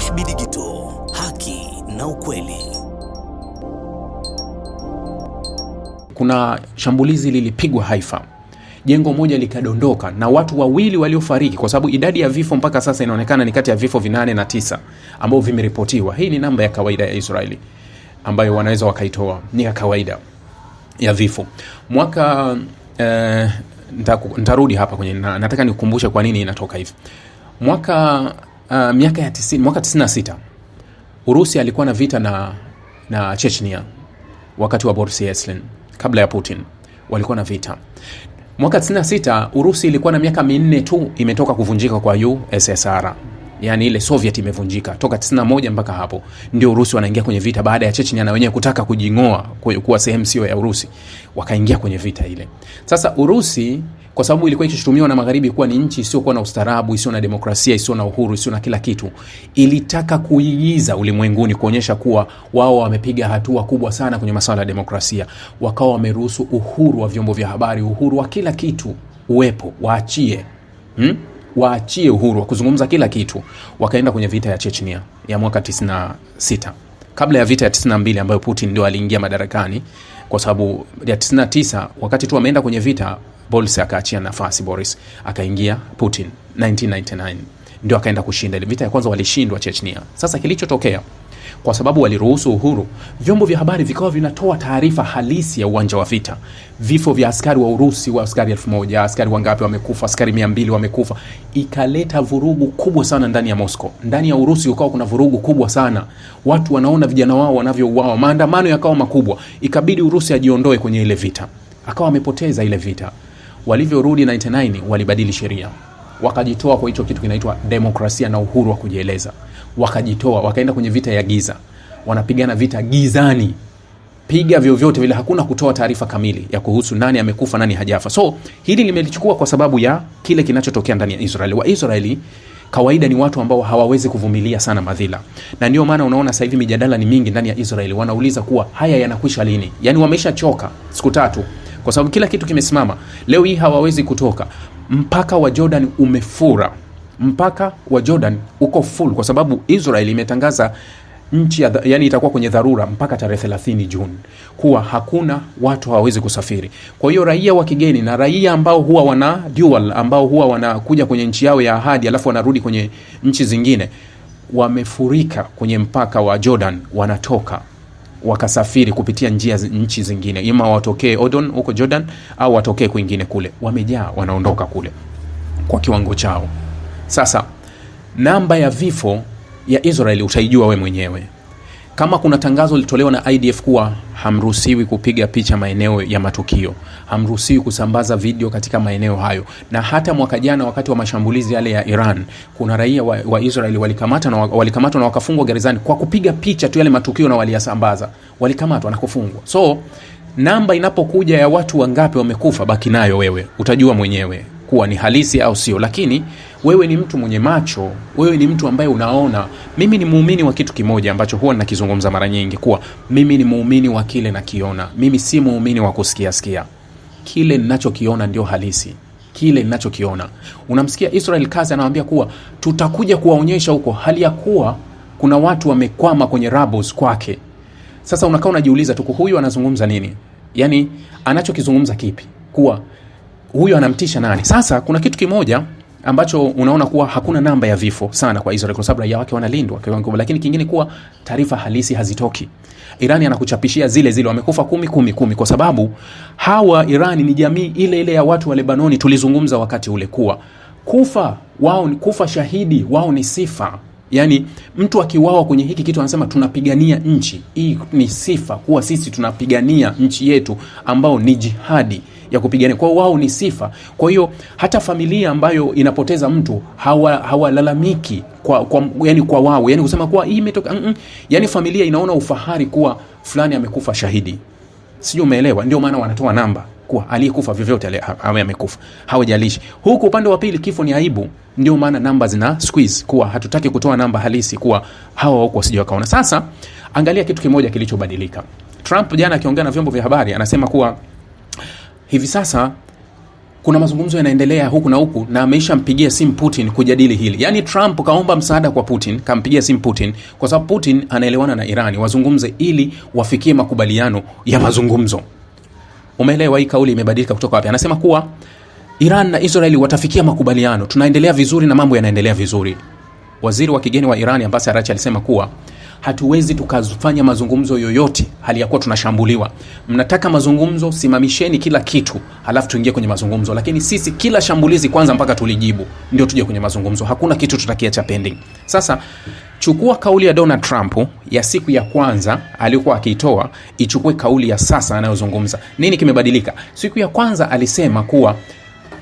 Rahby Digital, haki na ukweli. Kuna shambulizi lilipigwa Haifa, jengo moja likadondoka na watu wawili waliofariki, kwa sababu idadi ya vifo mpaka sasa inaonekana ni kati ya vifo vinane na tisa ambao vimeripotiwa. Hii ni namba ya kawaida ya Israeli ambayo wanaweza wakaitoa, ni ya kawaida ya vifo mwaka eh, nitarudi hapa kwenye, nataka nikukumbushe kwa nini inatoka hivi mwaka uh, miaka ya tisini, mwaka 96 Urusi alikuwa na vita na, na Chechnia wakati wa Boris Yeltsin, kabla ya Putin walikuwa na vita mwaka 96. Urusi ilikuwa na miaka minne tu imetoka kuvunjika kwa USSR, yaani ile Soviet imevunjika toka 91 mpaka hapo ndio Urusi wanaingia kwenye vita baada ya Chechnya na wenyewe kutaka kujing'oa kuwa sehemu sio ya Urusi, wakaingia kwenye vita ile. Sasa Urusi kwa sababu ilikuwa ikishutumiwa na magharibi kuwa ni nchi isiyokuwa na ustaarabu, isiyo na demokrasia, isiyo na uhuru, isiyo na kila kitu. Ilitaka kuigiza ulimwenguni kuonyesha kuwa wao wamepiga hatua kubwa sana kwenye masuala ya demokrasia, wakawa wameruhusu uhuru wa vyombo vya habari, uhuru wa kila kitu uwepo, waachie hmm? waachie uhuru wa kuzungumza kila kitu. Wakaenda kwenye vita ya Chechnia ya mwaka 96 kabla ya vita ya 92 ambayo Putin ndio aliingia madarakani kwa sababu ya 99 wakati tu ameenda kwenye vita Boris akaachia nafasi, Boris akaingia Putin 1999 ndio akaenda kushinda vita ya kwanza, walishindwa Chechnia. Sasa kilichotokea kwa sababu waliruhusu uhuru, vyombo vya habari vikawa vinatoa taarifa halisi ya uwanja wa vita, vifo vya askari wa Urusi wa askari elfu moja askari wangapi wamekufa, askari mia mbili wamekufa. Ikaleta vurugu kubwa sana ndani ya Mosco, ndani ya Urusi ukawa kuna vurugu kubwa sana, watu wanaona vijana wao wanavyouawa, maandamano yakawa makubwa, ikabidi Urusi ajiondoe kwenye ile vita, akawa amepoteza ile vita. Walivyorudi 99 walibadili sheria, wakajitoa kwa hicho kitu kinaitwa demokrasia na uhuru wa kujieleza wakajitoa, wakaenda kwenye vita ya giza, wanapigana vita gizani, piga vyovyote vile, hakuna kutoa taarifa kamili ya kuhusu nani amekufa nani hajafa. So hili limelichukua kwa sababu ya kile kinachotokea ndani ya Israeli. Waisraeli kawaida ni watu ambao hawawezi kuvumilia sana madhila, na ndio maana unaona sasa hivi mijadala ni mingi ndani ya Israeli. Wanauliza kuwa haya yanakwisha lini? Yani wameisha choka siku tatu, kwa sababu kila kitu kimesimama. Leo hii hawawezi kutoka, mpaka wa Jordan umefura mpaka wa Jordan uko full kwa sababu Israel imetangaza nchi ya, yani itakuwa kwenye dharura mpaka tarehe 30 Juni, kuwa hakuna watu hawawezi kusafiri. Kwa hiyo raia wa kigeni na raia ambao huwa wana dual, ambao huwa wanakuja kwenye nchi yao ya ahadi alafu wanarudi kwenye nchi zingine, wamefurika kwenye mpaka wa Jordan, wanatoka wakasafiri kupitia njia nchi zingine, ima watokee Odon huko Jordan au watokee kwingine kule, wamejaa wanaondoka kule kwa kiwango chao. Sasa namba ya vifo ya Israeli utaijua we mwenyewe. Kama kuna tangazo lilitolewa na IDF kuwa hamruhusiwi kupiga picha maeneo ya matukio, hamruhusiwi kusambaza video katika maeneo hayo. Na hata mwaka jana wakati wa mashambulizi yale ya Iran, kuna raia wa, wa Israeli walikamatwa na, na wakafungwa gerezani kwa kupiga picha tu yale matukio na waliyasambaza, walikamatwa na kufungwa. So namba inapokuja ya watu wangapi wamekufa, baki nayo wewe, utajua mwenyewe kuwa ni halisi au sio, lakini wewe ni mtu mwenye macho, wewe ni mtu ambaye unaona. Mimi ni muumini wa kitu kimoja ambacho huwa nakizungumza mara nyingi, kuwa mimi ni muumini wa kile nakiona. Mimi si muumini wa kusikia sikia. Kile ninachokiona ndio halisi, kile ninachokiona. Unamsikia Israel Kazi anawambia kuwa tutakuja kuwaonyesha huko, hali ya kuwa kuna watu wamekwama kwenye rabos kwake. Sasa unakaa unajiuliza tuku, huyu anazungumza nini? Yani anachokizungumza kipi? Kuwa huyu anamtisha nani? Sasa kuna kitu kimoja ambacho unaona kuwa hakuna namba ya vifo sana kwa Israel kwa sababu raia wake wanalindwa kwa kiwango, lakini kingine kuwa taarifa halisi hazitoki. Irani anakuchapishia zile zile, wamekufa kumi kumi kumi, kwa sababu hawa Irani ni jamii ile ile ya watu wa Lebanoni. Tulizungumza wakati ule kuwa kufa wao ni kufa shahidi wao ni sifa Yani, mtu akiwawa kwenye hiki kitu anasema tunapigania nchi hii, ni sifa kuwa sisi tunapigania nchi yetu, ambao ni jihadi ya kupigania. kwao, wao ni sifa. Kwa hiyo hata familia ambayo inapoteza mtu hawalalamiki hawa kwa, kwa, yani kwa wao yani kusema kuwa hii imetoka mm -mm. Yani familia inaona ufahari kuwa fulani amekufa shahidi, sijui umeelewa? Ndio maana wanatoa namba kuwa aliyekufa vyovyote ale awe amekufa, hawajalishi. Huku upande wa pili kifo ni aibu, ndio maana namba zina squeeze kuwa hatutaki kutoa namba halisi kuwa hawa wako sijui wakaona. Sasa angalia kitu kimoja kilichobadilika. Trump jana akiongea na vyombo vya habari anasema kuwa hivi sasa kuna mazungumzo yanaendelea huku na huku, na ameishampigia simu Putin kujadili hili. Yaani Trump kaomba msaada kwa Putin, kampigia simu Putin kwa sababu Putin anaelewana na Irani, wazungumze ili wafikie makubaliano ya mazungumzo. Umeelewa? Hii kauli imebadilika kutoka wapi? Anasema kuwa Iran na Israeli watafikia makubaliano, tunaendelea vizuri na mambo yanaendelea vizuri. Waziri wa kigeni wa Irani Abbas Araghchi alisema kuwa hatuwezi tukafanya mazungumzo yoyote hali ya kuwa tunashambuliwa. Mnataka mazungumzo, simamisheni kila kitu, halafu tuingie kwenye mazungumzo. Lakini sisi kila shambulizi kwanza mpaka tulijibu, ndio tuje kwenye mazungumzo. Hakuna kitu tutakiacha pending. Sasa chukua kauli ya Donald Trump ya siku ya kwanza aliyokuwa akiitoa, ichukue kauli ya sasa anayozungumza. Nini kimebadilika? Siku ya kwanza alisema kuwa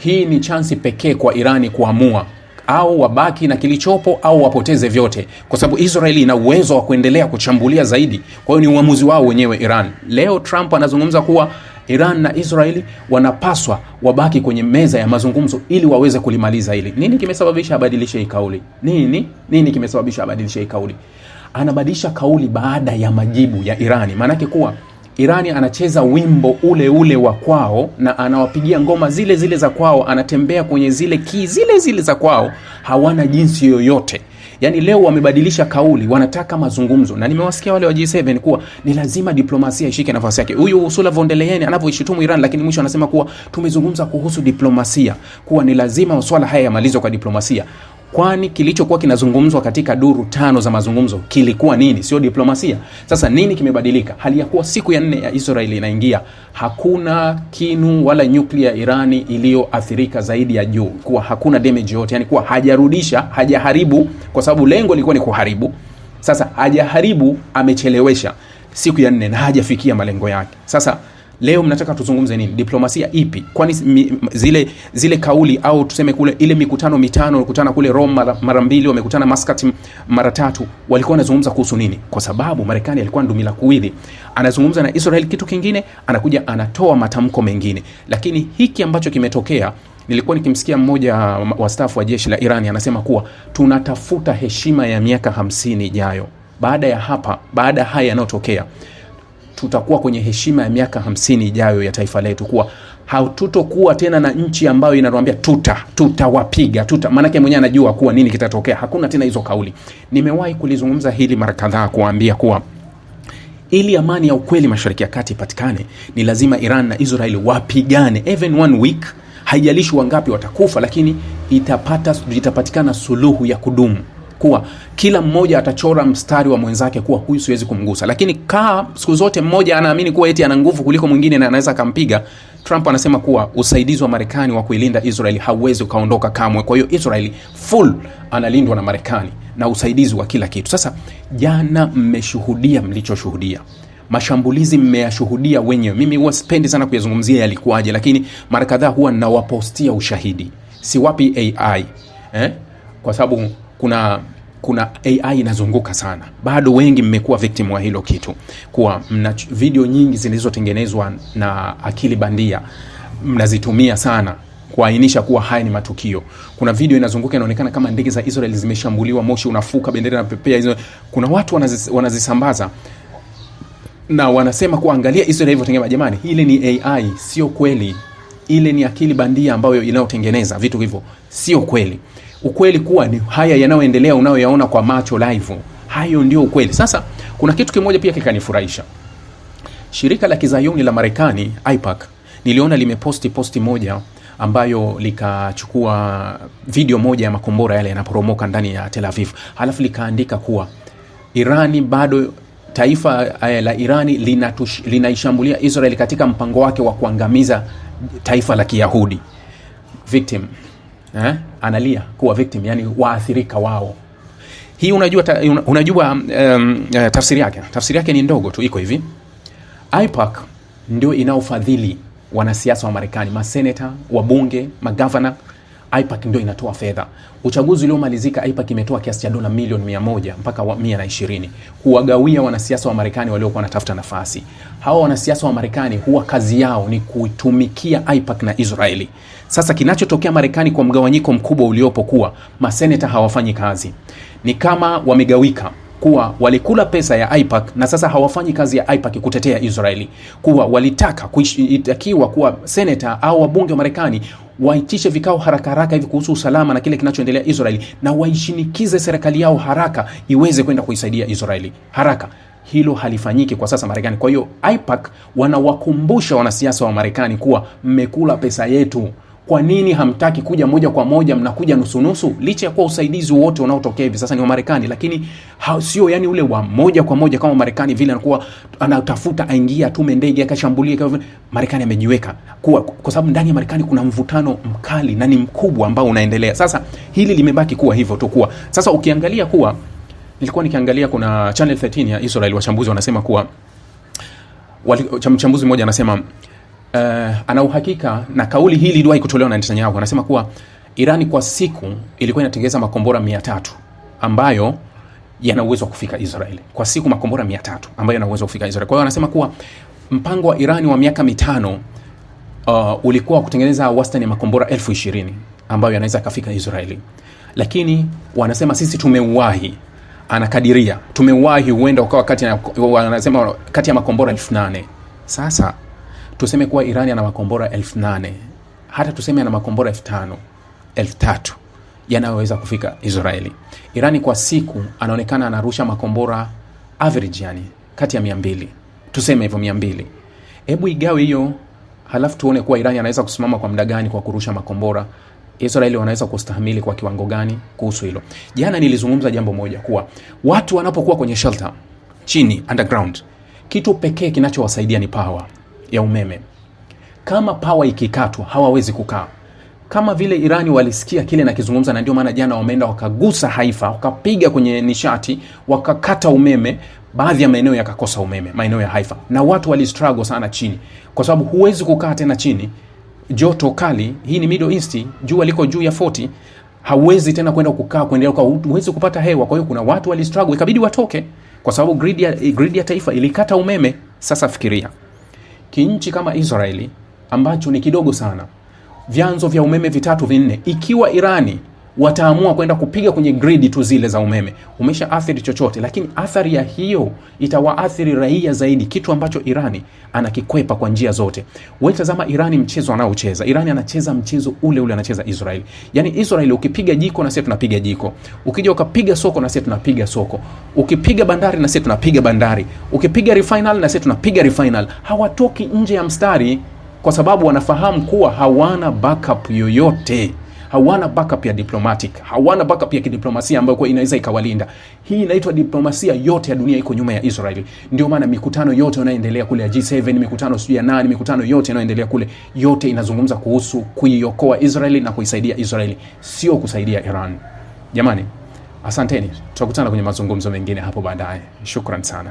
hii ni chansi pekee kwa Irani kuamua au wabaki na kilichopo au wapoteze vyote, kwa sababu Israeli ina uwezo wa kuendelea kuchambulia zaidi. Kwa hiyo ni uamuzi wao wenyewe. Iran leo, Trump anazungumza kuwa Iran na Israeli wanapaswa wabaki kwenye meza ya mazungumzo ili waweze kulimaliza hili. Nini kimesababisha abadilishe hii kauli? Nini nini kimesababisha abadilishe hii kauli? Anabadilisha kauli baada ya majibu ya Irani, maanake kuwa Irani anacheza wimbo ule ule wa kwao na anawapigia ngoma zile zile za kwao, anatembea kwenye zile kii zile zile za kwao, hawana jinsi yoyote. Yaani leo wamebadilisha kauli, wanataka mazungumzo, na nimewasikia wale wa G7 kuwa ni lazima diplomasia ishike nafasi yake. Huyu Ursula von der Leyen anavyoishutumu Iran, lakini mwisho anasema kuwa tumezungumza kuhusu diplomasia, kuwa ni lazima masuala haya yamalizwe kwa diplomasia kwani kilichokuwa kinazungumzwa katika duru tano za mazungumzo kilikuwa nini? Sio diplomasia. Sasa nini kimebadilika? Hali ya kuwa siku ya nne ya israel inaingia, hakuna kinu wala nyuklia ya Irani iliyoathirika zaidi ya juu, kuwa hakuna damage yote, yani kuwa hajarudisha, hajaharibu, kwa sababu lengo lilikuwa ni kuharibu. Sasa hajaharibu, amechelewesha siku ya nne na hajafikia malengo yake. Sasa Leo mnataka tuzungumze nini? Diplomasia ipi? Kwani zile zile kauli au tuseme kule ile mikutano mitano walikutana kule Rome mara mbili, wamekutana maskat mara tatu, walikuwa wanazungumza kuhusu nini? Kwa sababu Marekani alikuwa ndumila kuwili, anazungumza na Israel kitu kingine, anakuja anatoa matamko mengine. Lakini hiki ambacho kimetokea nilikuwa nikimsikia mmoja wa stafu wa jeshi la Irani anasema kuwa tunatafuta heshima ya miaka hamsini ijayo baada ya hapa, baada ya haya yanayotokea tutakuwa kwenye heshima ya miaka hamsini ijayo ya taifa letu, kuwa hatutokuwa tena na nchi ambayo inatuambia tuta tutawapiga tuta. Maanake mwenyewe anajua kuwa nini kitatokea. Hakuna tena hizo kauli. Nimewahi kulizungumza hili mara kadhaa, kuwaambia kuwa ili amani ya ukweli Mashariki ya Kati ipatikane ni lazima Iran na israel wapigane even one week, haijalishi wangapi watakufa, lakini itapata itapatikana suluhu ya kudumu kuwa kila mmoja atachora mstari wa mwenzake kuwa huyu siwezi kumgusa, lakini kaa siku zote mmoja anaamini kuwa eti ana nguvu kuliko mwingine na anaweza akampiga. Trump anasema kuwa usaidizi wa Marekani wa kuilinda Israel hauwezi ukaondoka kamwe. Kwa hiyo Israel full analindwa na Marekani na usaidizi wa kila kitu. Sasa jana mmeshuhudia mlichoshuhudia mashambulizi mmeyashuhudia wenyewe. Mimi huwa sipendi sana kuyazungumzia yalikuwaje, lakini mara kadhaa huwa nawapostia ushahidi, siwapi AI eh? Kwa sababu kuna kuna AI inazunguka sana, bado wengi mmekuwa victim wa hilo kitu, kuwa mna video nyingi zilizotengenezwa na akili bandia mnazitumia sana kuainisha kuwa haya ni matukio. Kuna video inazunguka inaonekana kama ndege za Israel zimeshambuliwa, moshi unafuka, bendera inapepea hizo. Kuna watu wanazis, wanazisambaza na wanasema kuwa angalia Israel ilivyotengeneza. Jamani, ile ni AI, sio kweli. Ile ni akili bandia ambayo inayotengeneza vitu hivyo, sio kweli ukweli kuwa ni haya yanayoendelea unayoyaona kwa macho live, hayo ndio ukweli. Sasa kuna kitu kimoja pia kikanifurahisha, shirika la kizayuni la Marekani ipac niliona limeposti posti moja ambayo likachukua video moja ya makombora yale yanaporomoka ndani ya Tel Aviv, halafu likaandika kuwa Irani bado taifa eh, la Irani linatush, linaishambulia Israel katika mpango wake wa kuangamiza taifa la Kiyahudi victim eh? analia kuwa victim, yani waathirika wao. Hii unajua ta, unajua um, uh, tafsiri yake tafsiri yake ni ndogo tu, iko hivi: IPAC ndio inaofadhili wanasiasa wa Marekani, maseneta, wabunge, magavana IPAC ndio inatoa fedha. Uchaguzi uliomalizika IPAC imetoa kiasi cha dola milioni 100 mpaka 120 kuwagawia wanasiasa wa Marekani waliokuwa wanatafuta nafasi. Hawa wanasiasa wa Marekani huwa kazi yao ni kuitumikia IPAC na Israeli. Sasa kinachotokea Marekani kwa mgawanyiko mkubwa uliopo kuwa maseneta hawafanyi kazi, ni kama wamegawika kuwa walikula pesa ya IPAC na sasa hawafanyi kazi ya IPAC kutetea Israeli, kuwa walitaka kuitakiwa kuwa seneta au wabunge wa Marekani waitishe vikao haraka haraka hivi kuhusu usalama na kile kinachoendelea Israeli, na waishinikize serikali yao haraka iweze kwenda kuisaidia Israeli haraka. Hilo halifanyiki kwa sasa Marekani. Kwa hiyo, AIPAC wanawakumbusha wanasiasa wa Marekani kuwa mmekula pesa yetu. Kwa nini hamtaki kuja moja kwa moja, mnakuja nusunusu? Licha ya kuwa usaidizi wote unaotokea hivi sasa ni wa Marekani, lakini sio yani ule wa moja kwa moja kama Marekani vile anakuwa anatafuta aingia, atume ndege akashambulia. Marekani amejiweka kuwa, kwa sababu ndani ya Marekani kuna mvutano mkali na ni mkubwa ambao unaendelea sasa. Hili limebaki kuwa hivyo tu, kuwa sasa ukiangalia kuwa nilikuwa nikiangalia kuna Channel 13 ya Israel, wachambuzi wanasema kuwa wali, mchambuzi mmoja anasema uh, ana uhakika na kauli hii iliwahi kutolewa na Netanyahu. Anasema kuwa Irani kwa siku ilikuwa inatengeneza makombora mia tatu ambayo yana uwezo wa kufika Israeli kwa siku, makombora mia tatu ambayo yana uwezo wa kufika Israeli. Kwa hiyo anasema kuwa mpango wa Irani wa miaka mitano uh, ulikuwa wa kutengeneza wastani ya makombora elfu ishirini ambayo yanaweza yakafika Israeli, lakini wanasema sisi tumeuwahi anakadiria tumewahi, huenda ukawa kati, ya, wanasema kati ya makombora elfu nane sasa tuseme kuwa Irani ana makombora elfu nane hata tuseme ana makombora elfu tano elfu tatu yanayoweza kufika Israeli. Irani kwa siku anaonekana anarusha makombora average, yani kati ya mia mbili, tuseme hivyo mia mbili. Hebu igawe hiyo halafu tuone kuwa Irani anaweza kusimama kwa muda gani kwa kurusha makombora, Israeli wanaweza kustahimili kwa kiwango gani kuhusu hilo. Jana nilizungumza jambo moja kuwa watu wanapokuwa kwenye shelter chini underground, kitu pekee kinachowasaidia ni power ya umeme. Kama pawa ikikatwa hawawezi kukaa, kama vile Irani walisikia kile nakizungumza, na ndio maana jana wameenda wakagusa Haifa, wakapiga kwenye nishati, wakakata umeme. Baadhi ya maeneo yakakosa umeme, maeneo ya Haifa, na watu walistruggle sana chini, kwa sababu huwezi kukaa tena chini, joto kali. Hii ni Middle East, jua liko juu ya 40 hauwezi tena kwenda kukaa kuendelea, huwezi kupata hewa. Kwa hiyo kuna watu walistruggle, ikabidi watoke kwa sababu grid ya, grid ya taifa ilikata umeme. Sasa fikiria kinchi kama Israeli ambacho ni kidogo sana, vyanzo vya umeme vitatu vinne, ikiwa Irani wataamua kwenda kupiga kwenye gridi tu zile za umeme, umesha athiri chochote, lakini athari ya hiyo itawaathiri raia zaidi, kitu ambacho Irani anakikwepa kwa njia zote. Wewe tazama Irani mchezo anaocheza Irani, anacheza mchezo ule ule anacheza Israel. Yani Israel ukipiga jiko na sisi tunapiga jiko, ukija ukapiga soko na sisi tunapiga soko, ukipiga bandari na sisi tunapiga bandari, ukipiga refinal na sisi tunapiga refinal. Hawatoki nje ya mstari, kwa sababu wanafahamu kuwa hawana backup yoyote hawana backup ya diplomatic, hawana backup ya kidiplomasia ambayo kwa inaweza ikawalinda. Hii inaitwa diplomasia yote ya dunia iko nyuma ya israel Ndio maana mikutano yote inayoendelea kule ya G7, mikutano sio ya nani, mikutano yote inayoendelea kule yote inazungumza kuhusu kuiokoa israel na kuisaidia Israel, sio kusaidia Iran. Jamani, asanteni, tutakutana kwenye mazungumzo mengine hapo baadaye. Shukran sana.